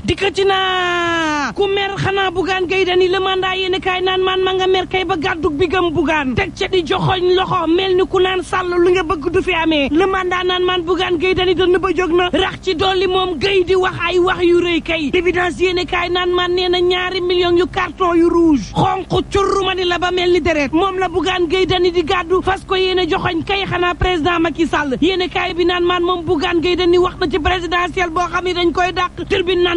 dikkati naa ku mer xanaa bugaan gay dani le mandat yéen kaay naan maan ma nga mer kay ba gàddug bi gëm bugaan teg ca di joxoñ loxo mel ni ku naan sàll lu nga bëgg du fi amee le mandat naan maan bugaan gay dani dënn ba jóg na rax ci dolli moom gay di wax ay wax yu rëy kay l'évidence yéen kaay naan maan nee na ñaari millions yu carton yu rouge xonq curruma la ba mel ni deret moom la bugaan gay dani di gàddu fas ko yéen joxoñ kay xanaa président Macky Sall yéen kaay bi naan maan moom bugaan gay dani wax na ci présidentielle boo xam ne dañ koy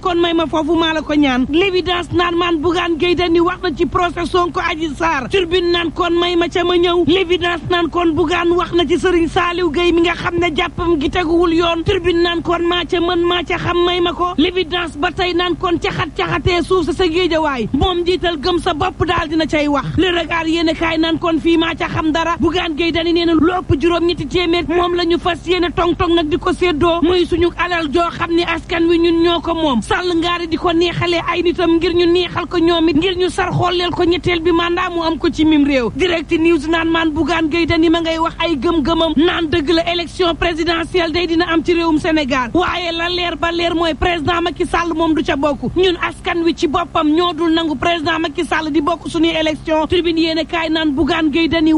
kon may ma foofu maa la ko ñaan l'évidence naan maan Bougane Gueye Dany wax na ci procès Sonko Adji Sarr turbine naan kon may ma ca ma ñëw l'évidence naan kon Bougane wax na ci Serigne Saliou Gueye mi nga xam ne jàppam gi teguwul yoon turbine naan kon maa ca mën maa ca xam may ma ko l'évidence ba tey naan kon caxat-caxatee suuf sa sa géejawaay moom jiital gëm sa bopp daal dina cay wax le regard yéen kaay naan kon fii maa ca xam dara Bougane Gueye Dany nee na lu ëpp juróom ñetti téeméer la ñu fas yéene tong tong nag ko séddoo muy suñu alal joo xam ne askan wi ñun ñoo ko moom Sall ngaari di ko neexalee ay nitam ngir ñu neexal ko ñoom it ngir ñu sar xooleel ko ñetteel bi mandat mu am ko ci mim réew direct news naan maan Bougane Gueye Dany ma ngay wax ay gëm-gëmam naan dëgg la élection présidentielle day dina am ci réewum Sénégal waaye la leer ba leer mooy président Macky Sall moom du ca bokk ñun askan wi ci boppam ñoo dul nangu président Macky Sall di bokk suñuy élection tribune yéene kaay naan Bougane Gueye Dany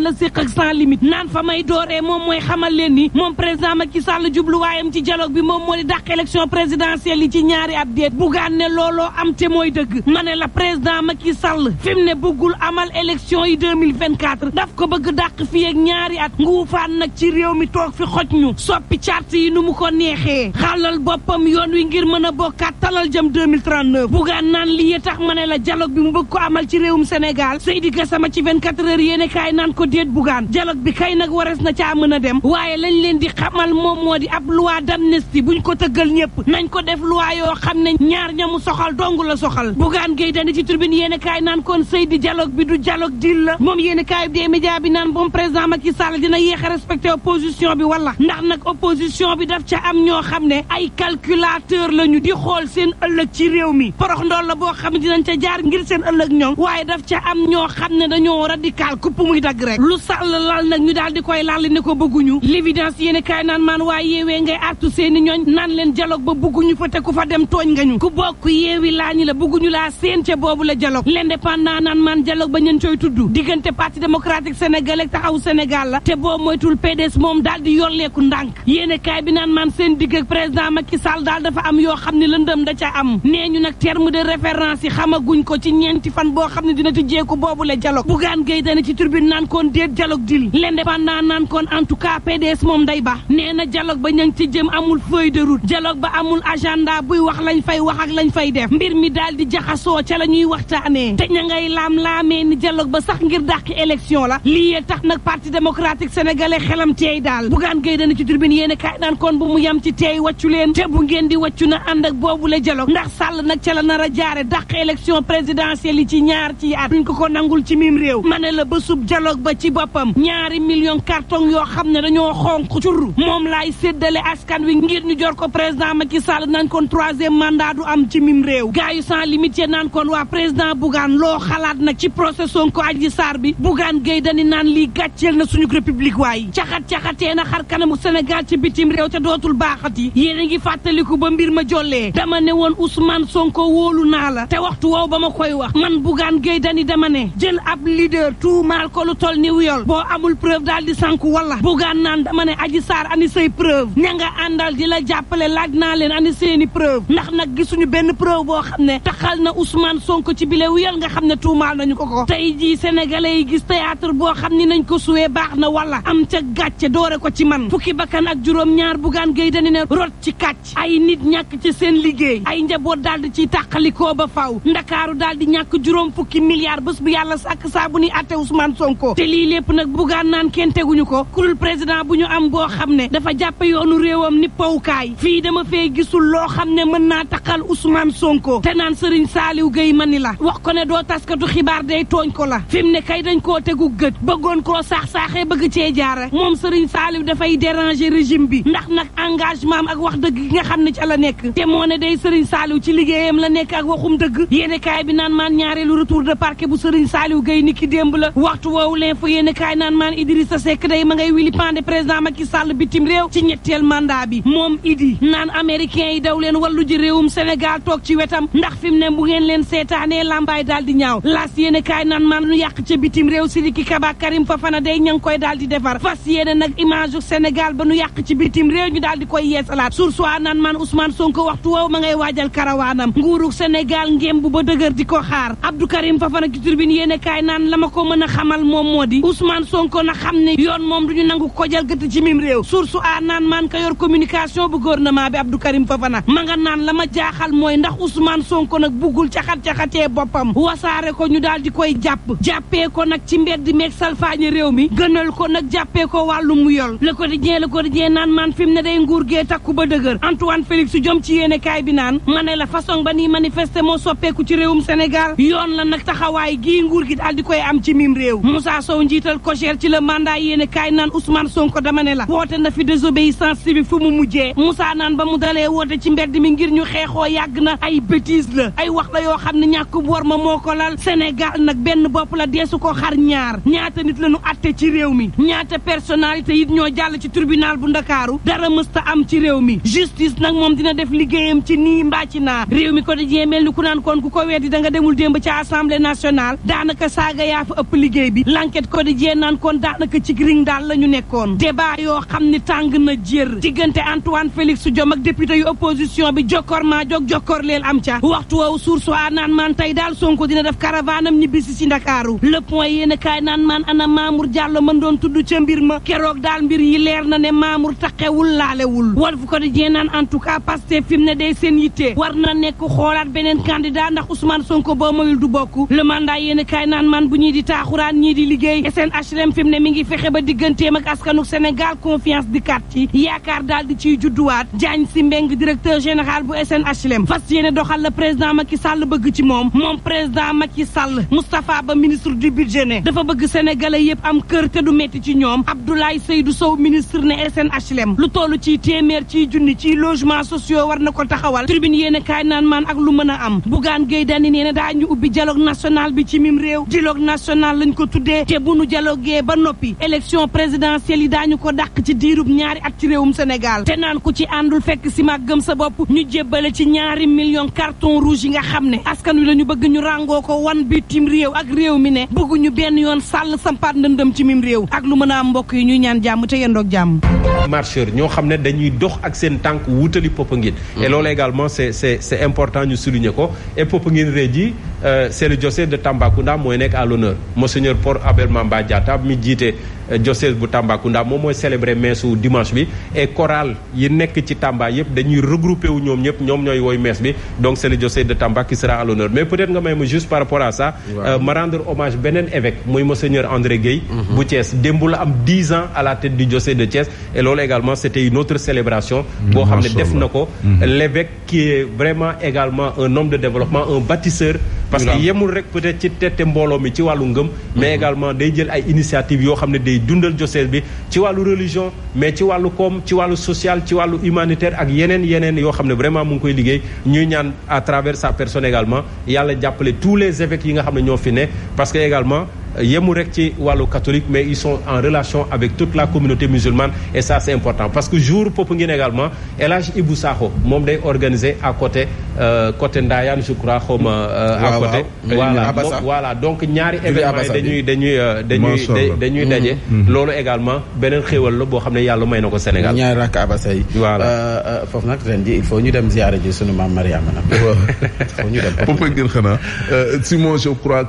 la séq ak sans limite naan fa may dooree moom mooy xamal leen ni moom président Macky ñaari at déet bugaan ne looloo am te mooy dëgg ma ne la président Macky Sall fi mu ne bëggul amal élection yi 2024 daf ko bëgg dàq fii ak ñaari at nguufaan nag ci réew mi toog fi xoj ñu soppi charte yi nu mu ko neexee xàllal boppam yoon wi ngir mën a bokkaat talal jëm 2039 bugaan naan lii tax ma ne la dialogue bi mu bëgg ko amal ci réewum Sénégal Seydi Gassama ci 24 heures yéene kaay naan ko déet bugaan dialogue bi kay nag wares na ca mën a dem waaye lañ leen di xamal moom moo di ab loi d'amnistie buñ ko tëggal ñëpp nañ yoo xam ne ñaar ñamu soxal dong la soxal bugaan géy dani ci di bi du bi dee a respecté opposition bi ca am ñoo xam la ñu di xool seen ëllëg ci réew mi porox ndool la boo xam ne dinañ ca jaar ngir seen ëllëg ñoom waaye daf ca am ñoo xam ne dañoo radical kupp muy dagg rek lu sàll lal nag ñu daal di koy laal ne ko bëgguñu l'évidence yéen a kaay naan maan waaye yeewee ngay artu seeni ñooñ naan leen dialogue ba bëgguñu fa te ku fa dem dem tooñ nga ñu ku bokk yeewi laa ñi la bugguñu laa seen ca boobu la dialogue l'indépendant naan man dialogue ba ñeen cooy tudd diggante parti démocratique sénégalais ak taxawu sénégal la te boo moytul PDS moom daal di yolleeku ndànk yéene kaay bi naan man seen digg ak président Macky Sall daal dafa am yoo xam ne lëndëm da ca am nee ñu nag terme de référence yi xamaguñ ko ci ñeenti fan boo xam ne dina tijjeeku boobu la dialogue bugaan gay dana ci tribune naan koon déet dialogue dil l'indépendant naan koon en tout cas PDS moom day ba nee na dialogue ba ña ngi ci jëm amul feuille de route ba amul agenda wax lañ fay wax ak lañ fay def mbir mi daal di jaxasoo ca la ñuy waxtaanee te ña ngay laam-laamee ni dialogue ba sax ngir dàq élection la lii yee tax nag parti démocratique sénégalais xelam teey daal bugaan gay dana ci tribune yéen kaay naan kon bu mu yam ci teey wàccu leen te bu ngeen di wàccu na ànd ak boobu la dialogue ndax sàll nag ca la nar a jaare dàq élection présidentielle yi ci ñaar ci at duñ ko ko nangul ci mim réew ma la ba sub dialogue ba ci boppam ñaari million carton yoo xam ne dañoo xonq cur moom laay séddale askan wi ngir ñu jor ko président Macky troisième mandat du am ci mim réew gars yu sans limite naan kon waa président Bougane loo xalaat nag ci procès Sonko Adji Sarr bi Bougane Gueye dani naan lii gàcceel na suñu république waaye caxat-caxatee na xar kanamu Sénégal ci bitim réew te dootul baaxati yéen a ngi fàttaliku ba mbir ma jollee dama ne woon Ousmane Sonko wóolu naa la te waxtu woow ba ma koy wax man Bougane Gueye dani dama ne jël ab leader tuumaal ko lu toll ni wuyol boo amul preuve daal di sànku wala Bougane naan dama ne Adji Sarr ani say preuve ña nga àndal la jàppale laaj ndax nag gisuñu benn preuve boo xam ne taxal na Ousmane Sonko ci bile wuyal nga xam ne tuumaal nañu ko ko tey jii sénégalais yi gis théâtre boo xam ni nañ ko suwee baax na wala am ca gàcce doore ko ci man fukki bakkan ak juróom-ñaar bugaan géy dani ne rot ci kàcc ay nit ñàkk ci seen liggéey ay njaboot daal di ciy tàqalikoo ba faw ndakaaru daal di ñàkk juróom fukki milliards bés bu yàlla sàkk saa bu ni atte Ousmane Sonko te lii lépp nag bugaan naan kenn teguñu ko kurul président bu ñu am boo xam ne dafa jàppe yoonu réewam mën naa taqal Ousmane Sonko te naan Serigne Saliou Gueye mani la wax ko ne doo taskatu xibaar day tooñ ko la fi mu ne kay dañ koo tegu gët bëggoon koo saax-saaxee bëgg cee jaare moom Serigne Saliou dafay déranger régime bi ndax nag engagement ak wax dëgg gi nga xam ne ci la nekk te moo ne day Serigne Saliou ci liggéeyam la nekk ak waxum dëgg yéene kaay bi naan maan ñaareelu retour de parquet bu Serigne Saliou Gueye ni ki démb la waxtu woowu l'info yéene kaay naan maan Idrissa Seck day ma bi moom idi naan américain yi daw farlu ji réewum Sénégal toog ci wetam ndax leen seetaanee lambaay daal di ñaaw las yéene kaay naan man nu yàq ca bitim réew Sidiki Kaba Karim Fofana day ña ngi koy daal di defar fas yéene nag image u Sénégal ba nu yàq ci bitim réew ñu daal di koy yeesalaat sursoi naan man son Sonko waxtu woow ma ngay waajal karawaanam nguurug Sénégal ngéem bu ba dëgër di ko xaar Abdou Karim Fofana ki turbine yéene kaay naan la ma ko mën a xamal moom moo di Ousmane Sonko na xam ne yoon moom duñu nangu ko jël gëtt ci mim réew sursu a naan man ka yor communication bu gouvernement bi Abdou Karim Fofana naan la ma jaaxal mooy ndax Ousmane Sonko nag buggul caxat-caxatee boppam wasaare ko ñu daal di koy jàpp jàppee ko nag ci mbedd meeg salfaañe réew mi gënal ko nag jàppee ko wàllu mu yol Le Quotidien Le Quotidien naan man fi mu ne day nguur gee takku ba dëgër Antoine Félix jom ci yéene kaay bi naan ma ne la façon ba ni manifester moo soppeeku ci réewum Sénégal yoon la nag taxawaay gii nguur gi daal di koy am ci mim réew Moussa Sow njiital kocher ci la mandat yéene kaay naan Ousmane Sonko dama ne la woote na fi mi ngir ñu xeexoo yàgg na ay bêtises la ay wax la yoo xam ne ñàkkub war ma moo ko lal Sénégal nag benn bopp la deesu ko xar ñaar ñaata nit la ñu atte ci réew mi ñaata personnalité it ñoo jàll ci tirbinal bu ndakaaru dara mësta am ci réew mi justice nag moom dina def liggéeyam ci nii mbaa ci naa réew mi ko dajee mel ni ku naan kon ku ko weddi da nga demul démb ci assemblée nationale daanaka saaga yaa fa ëpp liggéey bi l'enquête ko dajee naan kon daanaka ci ring daal la ñu nekkoon débat yoo xam ne tàng na jër diggante Antoine Félix Diome ak député bi jokkoor ma jog jokkoor leel am ca waxtu woowu source a naan maan tey daal sonko dina def caravane am ñibbisi si ndakaaru le point yéen a kaay naan maan ana Mamour Diallo mën doon tudd ca mbir ma keroog daal mbir yi leer na ne Mamour taqewul laalewul Walf Quotidien naan en tout cas Pastef fi mu ne day seen yitte war na nekk xoolaat beneen candidat ndax Ousmane Sonko boo mayul du bokk le mandat yéen kaay naan maan bu ñuy di taaxuraan ñii di liggéey SNHLM fi mu mi ngi fexe ba digganteem ak askanuk Sénégal confiance di kat ci yaakaar daal di ciy judduwaat Diagne Sy Mbengue directeur général général bu SNHLM fas yéene doxal la président Macky Sall bëgg ci moom moom président Macky Sall Moustapha Ba ministre du budget ne dafa bëgg sénégalais yëpp am kër te du métti ci ñoom Abdoulaye Seydou Sow ministre ne SNHLM lu toll ci téeméer ci junni ci logement sociaux war na ko taxawal tribune yéene kaay naan maan ak lu mën a am Bougane Gueye Dany nee na daa ñu ubbi dialogue national bi ci mim réew dialogue national lañ ko tuddee te bu nu dialoguee ba noppi élection présidentielle yi daañu ko dàq ci diirub ñaari at ci réewum Sénégal te naan ku ci àndul fekk si ma gëm sa bopp jébbale ci ñaari million carton rouge yi nga xam ne askan wi la ñu bëgg ñu ràngoo ko wan bitim réew ak réew mi ne bëgguñu benn yoon sàll sampaat ndëndëm ci mim réew ak lu mën a am mbokk yi ñuy ñaan jàmm te yendoog jàmm marcheur ñoo xam ne dañuy dox ak seen tànk wutali Popenguine mm. et loolu également c'est c'est c'est important ñu souligner ko et Popenguine rée ji euh, c'est le José de Tambacounda mooy nekk à l'honneur monseigneur Paul Abel Mamba Diatta mi jiite diocèse bu Tambacounda moom mooy célébrer meesu dimanche bi et chorale yi nekk ci Tamba yëpp dañuy regroupé wu ñoom ñëpp ñoom ñooy wooy mees bi donc c'est le diocèse de Tamba qui sera à l'honneur mais peut-être nga may ma juste par rapport à ça euh, ma rendre hommage beneen évêque muy monseigneur André Gueye mhm. bu Thiès démb la am 10 ans à la tête du diocèse de Thiès et loolu également c'était une autre célébration mm-hmm. boo xam ne def na ko mm-hmm. l'évêque qui est vraiment également un homme de développement un parce que yemul rek peut-être ci tette mbooloo mi ci wàllu ngëm mais mhm. également day jël ay initiative yoo xam ne day dundal Josel bi ci wàllu religion mais ci wàllu koom ci wàllu social ci wàllu humanitaire ak yeneen yeneen yoo xam ne vraiment mu ngi koy liggéey ñuy ñaan à travers sa personne également yàlla jàppale tous les évêques yi nga xam ne ñoo fi ne parce que également yemu rek ci wàllu catholique mais ils sont en relation avec toute la communauté musulmane et ça c'est important parce que jour Popenguine également El Hadj Ibou Sakho moom day organiser à côté euh, côté Ndayane je crois xawma euh, à côté voilà donc ñaari événement yi dañuy euh, mm-hmm. daje mm-hmm. loolu également beneen xéewal la boo xam ne yàlla may na ko Sénégal ñaari rakk abasa yi voilà foofu nag ren ji il ñu dem ziyaare ji sunu maam Mariama nag foofu ñu dem Popenguine xanaa Simon je crois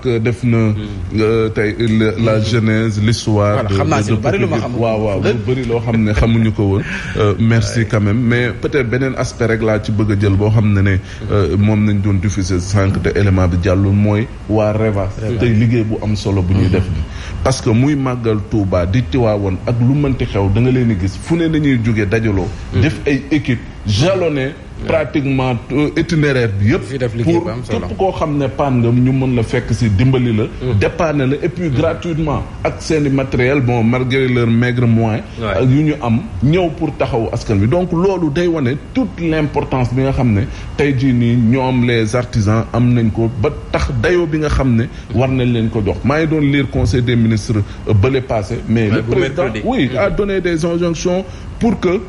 tey la genèse l'histoire de waaw waaw lu bëri loo xam ne xamuñu ko woon euh, merci quand même mais peut-être beneen aspect rek laa ci bëgg a jël boo xam ne ne euh, moom nañ doon diffuser sànq te élément bi jàllul mooy waa REVA tey liggéey bu am solo bu ñuy mm-hmm. def bi parce que muy màggal Touba di Tiwaawoon ak lu mënti xew da nga leen di gis fu ne dañuy jóge dajaloo mm-hmm. def ay équipe jalonné pratiquement euh, itinéraire bi yëpp pour képp koo xam ne panne nga ñu mën la fekk si dimbali la mm. dépanne la et puis gratuitement ak seen i matériel bon malgré leur maigre moyen ak yu ñu am ñëw pour taxaw askan bi donc loolu day wane toute l'importance bi nga xam ne tey jii nii ñoom les artisans am nañ ko ba tax dayoo bi nga xam ne war nañ leen ko dox maa ngi doon liir conseil des ministres euh, bële passé mais président oui a mm. donné des injonctions pour que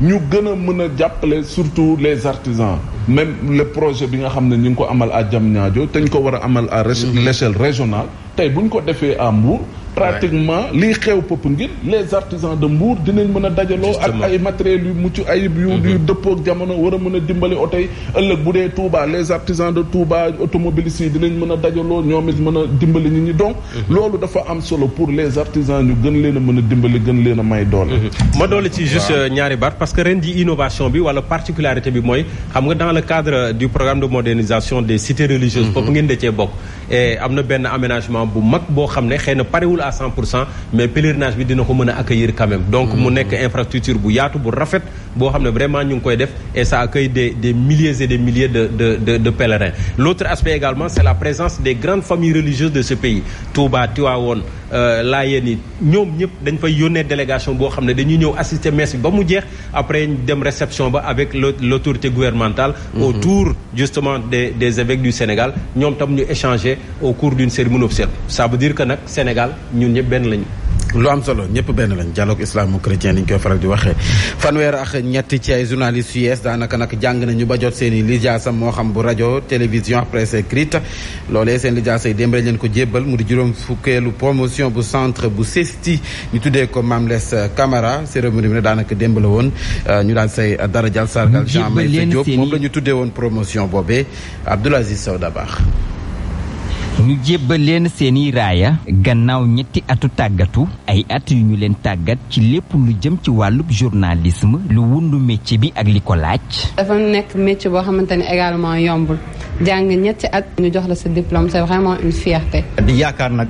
ñu gën a mën a jàppale surtout les artisans même le projet bi nga xam ne ñu ngi ko amal à Diamniadio te ñu ko war a amal à mm-hmm. l'échelle régionale tey bu ñu ko defee à Mbour pratiquement liy xew Popenguine les artisans de Mbour dinañ mën a dajaloo ak ay matériels yu mucc ayib yu mhm. yu dëppook jamono war a mën a dimbali oto yi ëllëg bu dee Touba les artisans de Touba automobilistes yi dinañ mën a dajaloo ñoom it mën a dimbali ñu ñi donc mhm. loolu dafa am solo pour les artisans ñu gën leen mën a dimbali gën leen a may doole mhm. ma doole ci juste euh, ñaari baat parce que ren ji innovation bi wala particularité bi mooy xam nga dans le cadre du programme de modernisation des cités religieuses Popenguine da cee bokk et am mag boo xam à 100 pour cent mais pèlerinage bi dina ko mën a accueillir quand même. donc mu mm. nekk infrastructure bu yaatu bu rafet boo xam ne vraiment ñu ngi koy def et ça accueille des des milliers et des milliers de de de de pèlerins. l' autre aspect également c' est la présence des grandes familles religieuses de ce pays Touba Tivaouane euh, Laayeen yi ñoom ñëpp dañ fay yónnee délégation boo xam ne dañuy ñëw assister messe bi ba mu jeex après dem réception ba avec l' autorité gouvernementale. Mm-hmm. autour justement des des évêques Sénégal ñoom tam ñu échanger au cours d' une nag Sénégal. ñun ñëpp benn lañu. lu am solo ñëpp benn lañ dialogue islamo-chrétien ni ñu koy faral di waxee fanweer ak ñett ci ay journalistes yu daanaka nag jàng nañu ba jot seen i lijaasa moo xam bu rajo télévision presse écrite loolee seen lijaasa yi démb leen ko jébbal mu di juróom fukkeelu promotion bu centre bu CESTI ñu tuddee ko Mame Less Camara cérémonie bi ne daanaka démb woon euh, ñu daan say dara jal sargal Jean Meïssa Diop moom la ñu tuddee woon promotion boobee Abdoul Aziz Sow Dabakh ñu jébbal leen seeni raaya gannaaw ñetti atu tàggatu ay at yu ñu leen tàggat ci lépp lu jëm ci wàllub journalisme lu wundu métier bi ak li ko laaj. dafa nekk métier boo xamante ne également yombul jàng ñetti at. ñu jox la sa diplôme c'est vraiment une fierté. di yaakaar nag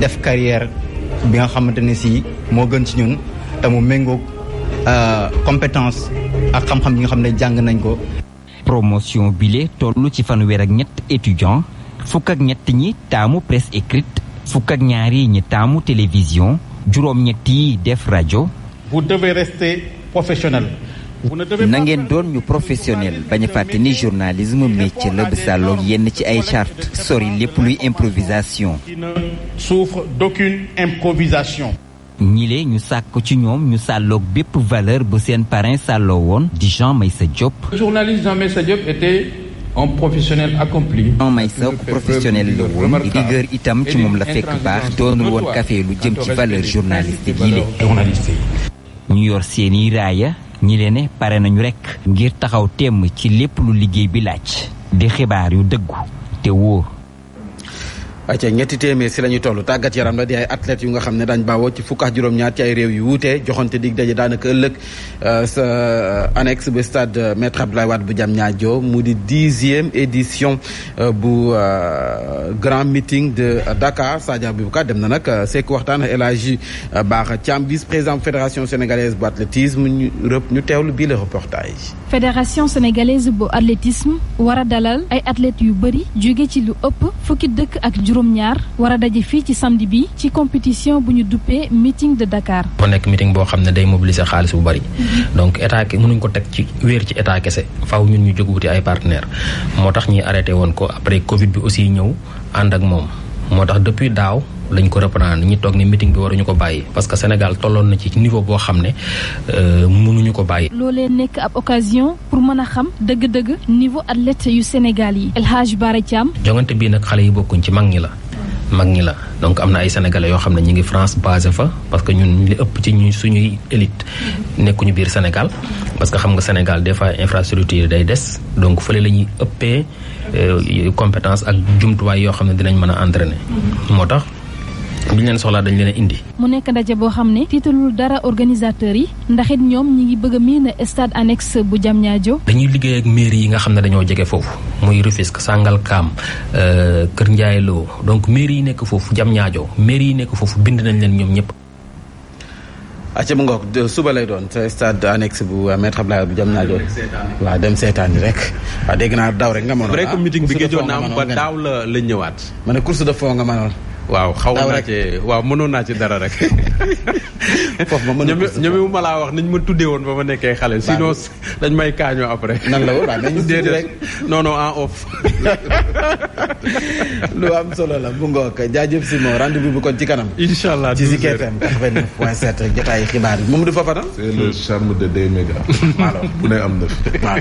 def carrière bi nga xamante ne si moo gën ci ñun te mu méngoog euh, compétence ak xam-xam yi nga xam ne jàng nañ ko. promotion bile toll ci fanweer ak ñett étudiants. fukk ak ñett ñi taamu presse écrite fukk ak ñaar yi ñi taamu télévision juróom ñett yi def rajo. vous devez rester professionnel. na ngeen doon ñu professionnel bañ a fàtte ni journalisme métier la bisalloog yenn ci ay charte sori lépp luy improvisation. ne souffre ñile ñu sàkk ci ñoom ñu sàlloog bépp valeur bu seen parrain sàlloo woon di Jean Meissa Diop. le un professionnel accompli. may saw ku la woon rigueur itam ci moom la fekk baax doonul woon café lu jëm ci valeur journaliste yi la. ñu yor seeni raaya ñi leen ne pare nañu rekk. ngir taxaw temm ci lépp lu liggéey bi laaj. di xibaar yu dëggu te wóor. acca ñetti téeméer si la ñu toll tàggat yaram la di ay athlètes yu nga xam ne dañ bawoo ci fukk ak juróom-ñaar ci ay réew yu wuute joxante dig daanaka ëllëg euh, sa euh, annexe ba stade euh, maître Abdoulaye Wade bu Diamniadio mu di dixième édition bu grand meeting de Dakar Sadio Aboubacar dem na nag sekk waxtaan El Hadji Bara Thiam vice président fédération sénégalaise bu athlétisme ñu rëpp ñu teewlu bii le reportage. fédération sénégalaise bu athlétisme war a dalal ay athlètes yu bëri jóge ci lu juróom-ñaar war daje fii ci samedi bi ci compétition bu ñu duppee meeting de Dakar. dafa nekk meeting boo xam ne day mobiliser xaalis bu bari. Mhm. donc état ki mënuñ ko teg ci wéer ci état kese faw ñun ñu jóg wuti ay partenaires moo tax ñuy arrêté woon ko après Covid bi aussi ñëw ànd ak moom moo tax depuis daaw. lañ ko reprendre ñi toog ne meeting bi waruñu ko bàyyi parce que Sénégal tolloon na ci niveau boo xam ne euh, mënuñu ko bàyyi. loolee nekk ab occasion pour mën a xam dëgg-dëgg niveau athlète yu Sénégal yi. El Hadj Bara Thiam. jongante bii nag xale yi bokkuñ ci mag ñi la. mag ñi la donc am na ay sénégalais yoo xam ne ñu ngi France basé fa parce que ñun li ëpp ci ñu suñuy élite nekkuñu biir Sénégal parce que xam nga Sénégal des fois infrastructure day des donc fële la ñuy ëppee euh, compétence ak jumtuwaay yoo xam ne dinañ mën a entraîner moo tax bu ñu leen soxlaa dañ leen a indi. mu nekk ndaje boo xam ne tiitalul dara organisateurs yi ndax it ñoom ñi ngi bëgg a miin stade annex bu jam Diamniadio. dañuy liggéey ak mairie yi nga xam ne dañoo jege foofu muy Rufisque Sangalkam euh, Kër Ndiaye Lo donc mairie yi nekk foofu jam Diamniadio mairie yi nekk foofu bind nañ leen ñoom ñëpp. acca mu ngoog suba lay doon sa stade annexe bu euh, maître Abdoulaye bu jam naa joon dem seetaani rek waaw dégg naa daaw rek nga mënoon. vrai que ah, meeting bi na am ba daaw la nga waaw xaw naa ci waaw mënoon naa ci dara rek. foofu ma mënoon ci laa wax niñ ma tuddee woon ba ma nekkee xale. sinon dañ may kaañoo après. nan la woon waaw nañu tuddee rek non non en off. lu am solo la bu ngoog jaajëf Simon rendez-vous bu kon ci kanam. incha allah ci Zik FM 89.7 jotaayu xibaar yi Mamadou Fofana. c'est le charme de deux mégas. bu ne am na fi.